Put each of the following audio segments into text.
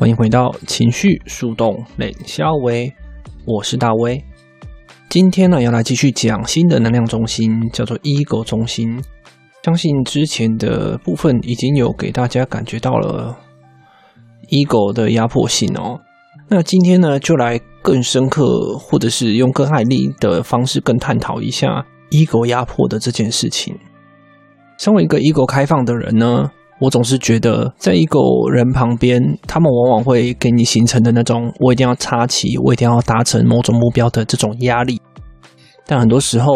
歡迎回到情緒樹洞練蕭威，我是大威。今天呢，要來繼續講新的能量中心，叫做 Ego 中心。相信之前的部分已經有給大家感覺到了 Ego 的壓迫性哦。那今天呢，就來更深刻，或者是用更愛力的方式，更探討一下 Ego 壓迫的這件事情。身為一個 Ego 開放的人呢，我總是覺得，在 Ego 人旁邊，他們往往會給你形成的那種“我一定要插旗，我一定要達成某種目標”的這種壓力。但很多時候，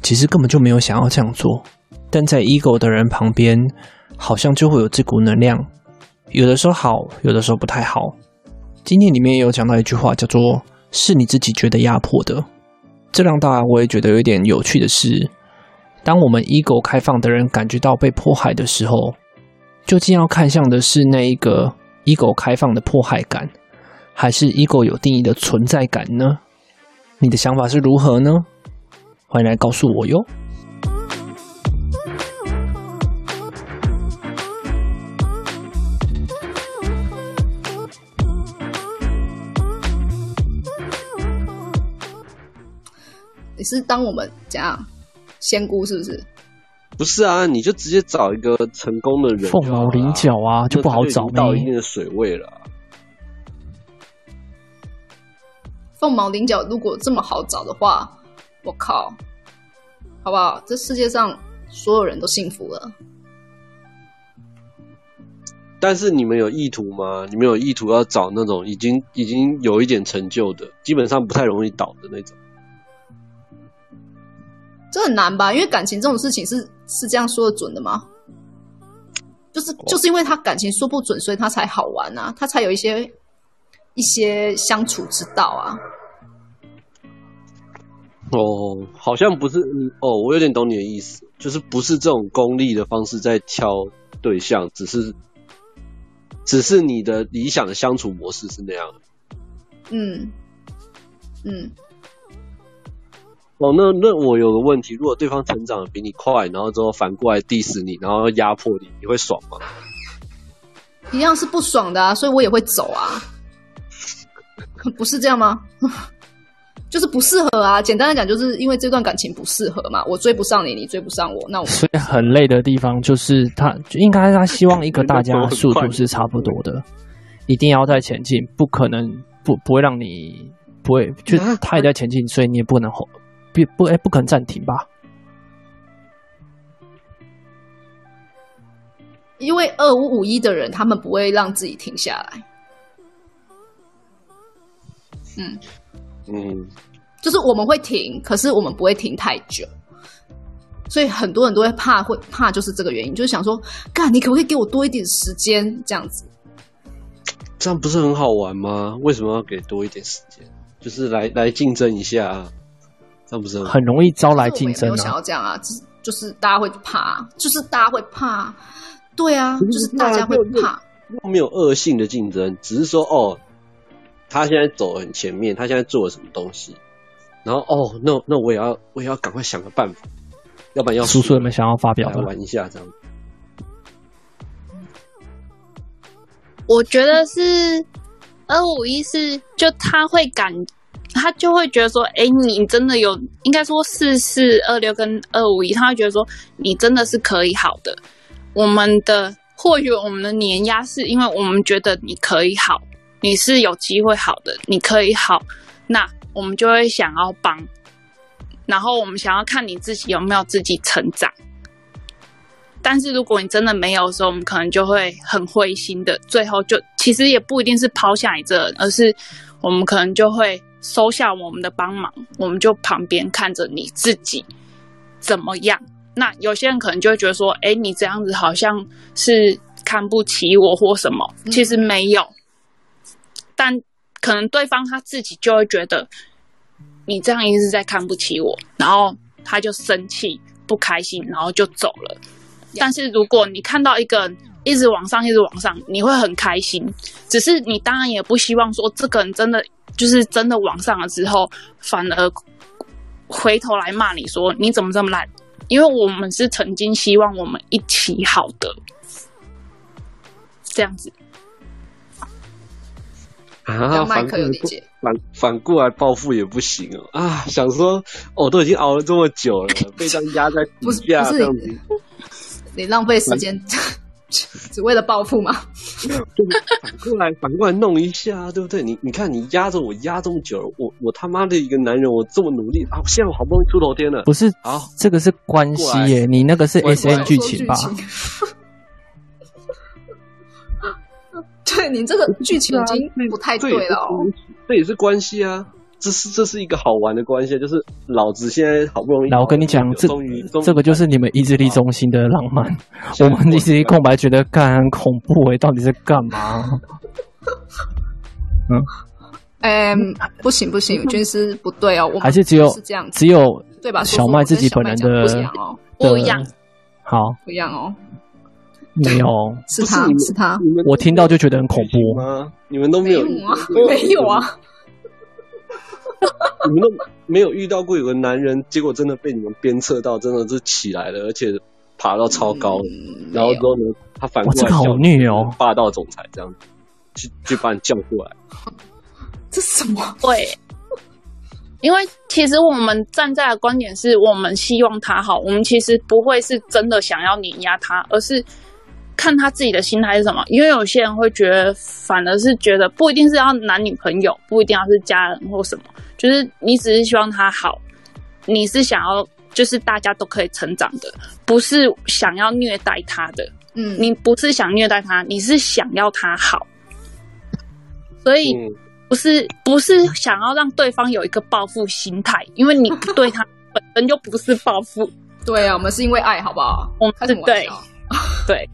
其實根本就沒有想要這樣做。但在 Ego 的人旁邊，好像就會有這股能量。有的時候好，有的時候不太好。今天裡面也有講到一句話，叫做“是你自己覺得壓迫的”。這讓大家我也覺得有點有趣的是，當我們 Ego 開放的人感覺到被迫害的時候。究竟要看向的是那一個 ego 開放的迫害感，還是 ego 有定義的存在感呢？你的想法是如何呢？歡迎來告訴我喲。你是當我們怎樣，仙姑是不是？不是啊，你就直接找一個成功的人。鳳毛麟角啊，就不好找。到一定的水位了。鳳毛麟角，如果這麼好找的話，我靠，好不好？這世界上所有人都幸福了。但是你們有意圖嗎？你們有意圖要找那種已經已經有一點成就的，基本上不太容易倒的那種。嗯。這很難吧？因為感情這種事情是。是這樣說得準的嗎？就是就是因為他感情說不準，所以他才好玩啊，他才有一些一些相處之道啊。哦，好像不是、嗯、哦，我有點懂你的意思，就是不是這種功利的方式在挑對象，只是只是你的理想的相處模式是那樣的。嗯嗯。哦，那那我有個問題：如果對方成長的比你快，然後之後反過來 diss 你，然後壓迫你，你會爽嗎？一樣是不爽的啊，所以我也會走啊， 不是這樣嗎？ 就是不適合啊。簡單的講，就是因為這段感情不適合嘛，我追不上你，你追不上我，那我所以很累的地方就是他就應該他希望一個大家速度是差不多的，多一定要在前進，不可能不不會讓你不會，就是他也在前進，所以你也不能後。不不哎、欸，不可能暫停吧？因為二五五一的人，他們不會讓自己停下來。嗯嗯，就是我們會停，可是我們不會停太久，所以很多人都會怕，會怕就是這個原因，就是想說，幹你可不可以給我多一點時間？這樣子，這樣不是很好玩嗎？為什麼要給多一點時間？就是來來競爭一下。這不是很容易招來競爭啊。我沒有想要這樣啊，啊、就是，就是大家會怕，就是大家會怕，對啊，就是大家會怕。就是就是、會怕沒有惡性的競爭，只是說哦，他現在走很前面，他現在做了什麼東西，然後哦，那那我也要，我也要趕快想個辦法，要不然要叔叔有沒有想要發表的，要玩一下這樣？我覺得是二五一四，就他會感。他就會覺得說：“哎、欸，你真的有，應該說四四二六跟二五一，他會覺得說你真的是可以好的。我們的或許我們的碾壓是因為我們覺得你可以好，你是有機會好的，你可以好，那我們就會想要幫，然後我們想要看你自己有沒有自己成長。但是如果你真的沒有的時候，我們可能就會很灰心的，最後就其實也不一定是拋下你這個，而是我們可能就會。”收下我們的幫忙，我們就旁邊看着你自己怎麼樣。那有些人可能就會覺得說：“哎、欸，你這樣子好像是看不起我或什麼。”其實沒有、嗯，但可能對方他自己就會覺得你這樣一直在看不起我，然後他就生氣、不開心，然後就走了。嗯、但是如果你看到一個人，一直往上，一直往上，你會很開心。只是你當然也不希望說，這個人真的就是真的往上了之後，反而回頭來罵你說你怎麼這麼爛。因為我們是曾經希望我們一起好的，這樣子。啊，麥克有理解反過反，反過來報復也不行、哦、啊！想說我、哦、都已經熬了這麼久了， 被這樣壓在底下這樣子。不是，不是，你浪費時間。只為了報復嗎？ 就過來反過來弄一下、啊，對不對？你你看你，你壓着我壓這麼久了，我我他媽的一個男人，我這麼努力啊！現在我好不容易出頭天了，不是？啊，這個是關係耶，你那個是 S M 劇情吧？說說劇情 對，你這個劇情已經不太對了哦，這也是關係，是關係啊。這是這是一個好玩的關係，就是老子現在好不容易跑來跑來跑，來我跟你講，這這個就是你們意志力中心的浪漫。啊、 我們意志力空白覺得幹、啊、很恐怖，欸，哎，到底在幹嘛？ 嗯，哎、um，不行不行，軍 師不對哦，我還是只有只有、 就是、對吧？小麥自己本人的不一樣，好不一樣哦，沒有、哦 哦、是他， 是，是，他是他，我聽到就覺得很恐怖。你們都沒有，沒有啊。 你們都沒有遇到過有個男人，結果真的被你們鞭策到，真的是起來了，而且爬到超高、嗯、然後之後呢，他反過來叫、這個哦、霸道總裁這樣子，去，去把你叫過來，這是什麼鬼？因為其實我們站在的觀點是我們希望他好，我們其實不會是真的想要碾壓他，而是。看他自己的心態是什麼，因為有些人會覺得，反而是覺得不一定是要男女朋友，不一定要是家人或什麼，就是你只是希望他好，你是想要就是大家都可以成長的，不是想要虐待他的，嗯，你不是想虐待他，你是想要他好，所以不是、嗯、不是想要讓對方有一個報復心態，因為你對他本身就不是報復， 對啊，我們是因為愛好不好，我們是對對。對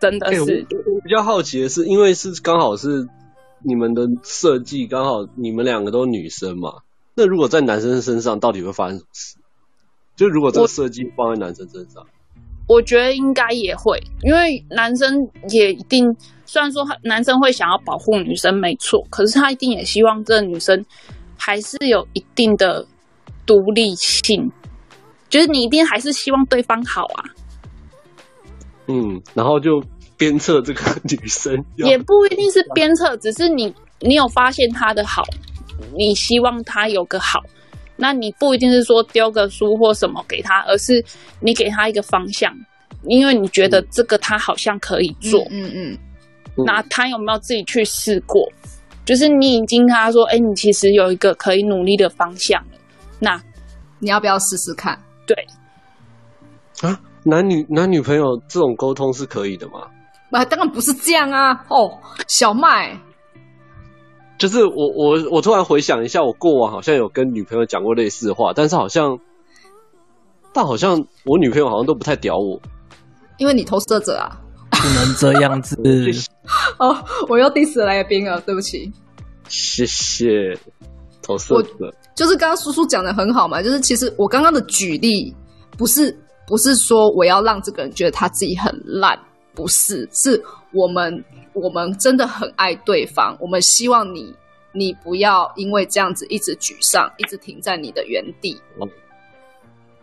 真的是、欸，我比較好奇的是，因為是剛好是你們的設計，剛好你們兩個都是女生嘛。那如果在男生身上，到底會發生什麼事？就如果這個設計放在男生身上，我，我覺得應該也會，因為男生也一定，雖然說男生會想要保護女生，沒錯，可是他一定也希望這個女生還是有一定的獨立性，就是你一定還是希望對方好啊。嗯，然後就鞭策這個女生，也不一定是鞭策，只是你你有發現她的好，你希望她有個好，那你不一定是說丟個書或什麼給她，而是你給她一個方向，因為你覺得這個她好像可以做，嗯嗯，嗯，嗯，那她有沒有自己去試過？就是你已經跟她說，哎、欸，你其實有一個可以努力的方向了，那你要不要試試看？對，啊。男女男女朋友這種溝通是可以的嗎？啊，當然不是這樣啊！哦，小麥，就是我，我我突然回想一下，我過往好像有跟女朋友講過類似的話，但是好像，但好像我女朋友好像都不太屌我，因為你投射者啊，不能這樣子。 哦，我又 diss 了來賓了，對不起。謝謝，投射者。就是剛剛叔叔講的很好嘛，就是其實我剛剛的舉例不是。不是說我要讓這個人覺得他自己很爛，不是，是我們我們真的很愛對方，我們希望你你不要因為這樣子一直沮喪，一直停在你的原地。哦，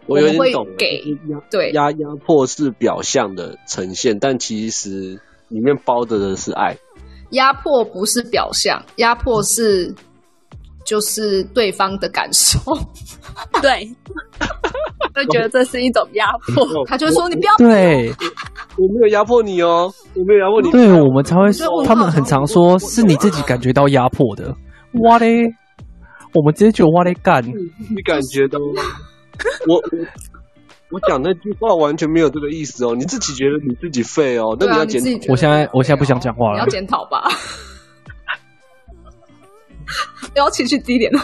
我有點懂。會給對壓壓迫是表象的呈現，但其實裡面包著的是愛。壓迫不是表象，壓迫是就是對方的感受， 對。 會覺得這是一種壓迫，啊，他就說你不要，不要我我。對， 我沒有壓迫你哦，我沒有壓迫你。對、啊、對，我們才會說他們很常說，是你自己感覺到壓迫的。哇嘞，我們直接就哇嘞幹。你感覺到嗎？我我講那句話完全沒有這個意思哦， 你自己覺得你自己廢哦，那你要檢，啊。我現在我現在不想講話了，你要檢討吧。不 要情緒低點了。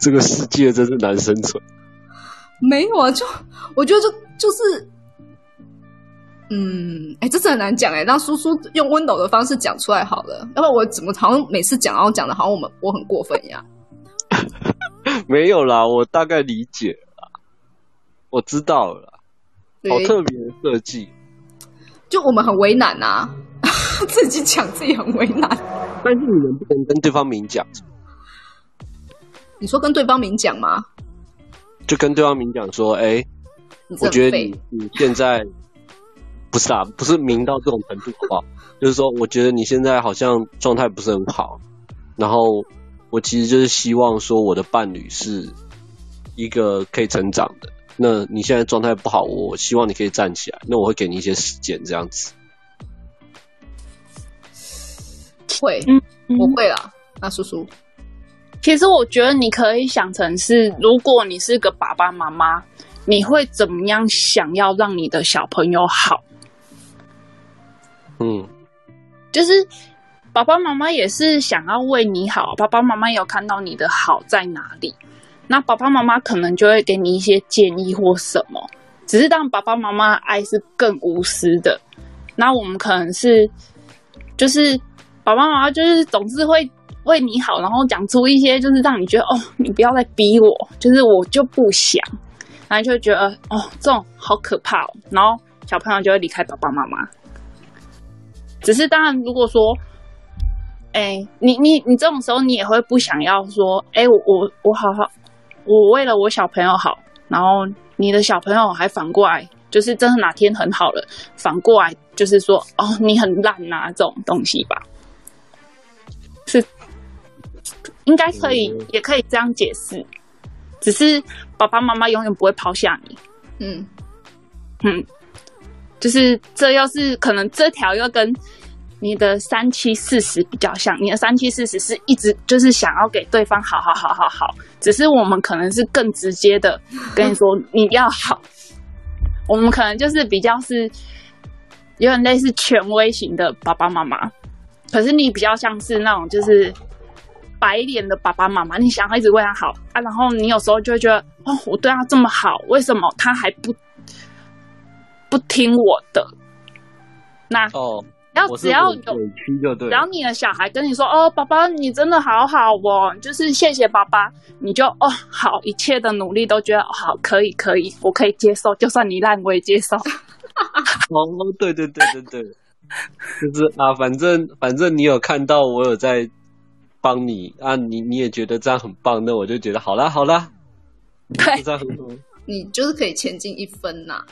這個世界真是難生存。沒有啊，就我覺得就就是，嗯，哎、欸，這是很難講哎、欸，讓叔叔用溫柔的方式講出來好了，要不然我怎麼好像每次講，然後講的好像我們我很過分一樣。 沒有啦，我大概理解了啦，我知道了啦，好特別的設計，就我們很為難啊， 自己講自己很為難，但是你們不能跟對方明講，你說跟對方明講嗎？就跟對方明講說：“哎、欸，我覺得你你現在不是啊，不是明到這種程度好不好？ 就是說，我覺得你現在好像狀態不是很好。然後我其實就是希望說，我的伴侶是一個可以成長的。那你現在狀態不好，我希望你可以站起來。那我會給你一些時間，這樣子會、嗯，我會啦。那叔叔。”其實我覺得你可以想成是，如果你是個爸爸媽媽，你會怎麼樣想要讓你的小朋友好？嗯，就是爸爸媽媽也是想要為你好，爸爸媽媽有看到你的好在哪裡，那爸爸媽媽可能就會給你一些建議或什麼。只是當爸爸媽媽的愛是更無私的，那我們可能是就是爸爸媽媽就是總是會。為你好，然後講出一些就是讓你覺得哦，你不要再逼我，就是我就不想，然後你就會覺得哦，這種好可怕哦。然後小朋友就會離開爸爸媽媽。只是當然，如果說，哎、欸，你你你，你這種時候，你也會不想要說，哎、欸，我我我好好，我為了我小朋友好，然後你的小朋友還反過來，就是真的哪天很好了，反過來就是說，哦，你很爛啊這種東西吧，是。應該可以，嗯，也可以這樣解釋。只是爸爸媽媽永遠不會拋下你。嗯，嗯，就是這又是可能這條又跟你的三七四十比較像。你的三七四十是一直就是想要給對方好好好好好，只是我們可能是更直接的跟你說你要好。 我們可能就是比較是有點類似權威型的爸爸媽媽，可是你比較像是那種就是。嗯白臉的爸爸媽媽，你想要一直為他好啊，然後你有時候就會覺得，哦，我對他這麼好，為什麼他還不不聽我的？那哦，要只要不委屈就對。然後你的小孩跟你說，哦，爸爸，你真的好好哦，就是謝謝爸爸，你就哦好，一切的努力都覺得好，可以可以，我可以接受，就算你爛我也接受。 哦，對對對對對，對， 就是啊，反正反正你有看到我有在。幫你啊，你你也覺得這樣很棒，那我就覺得好啦好啦，對，你就是可以前進一分吶。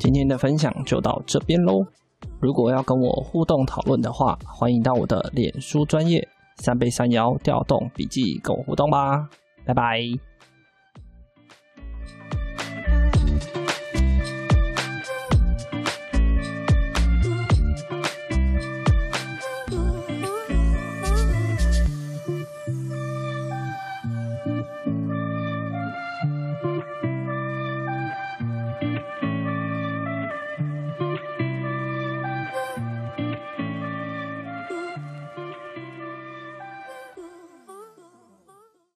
今天的分享就到這邊嘍。如果要跟我互動討論的話，歡迎到我的臉書專業三倍三爻掉洞筆記跟我互動吧，拜拜。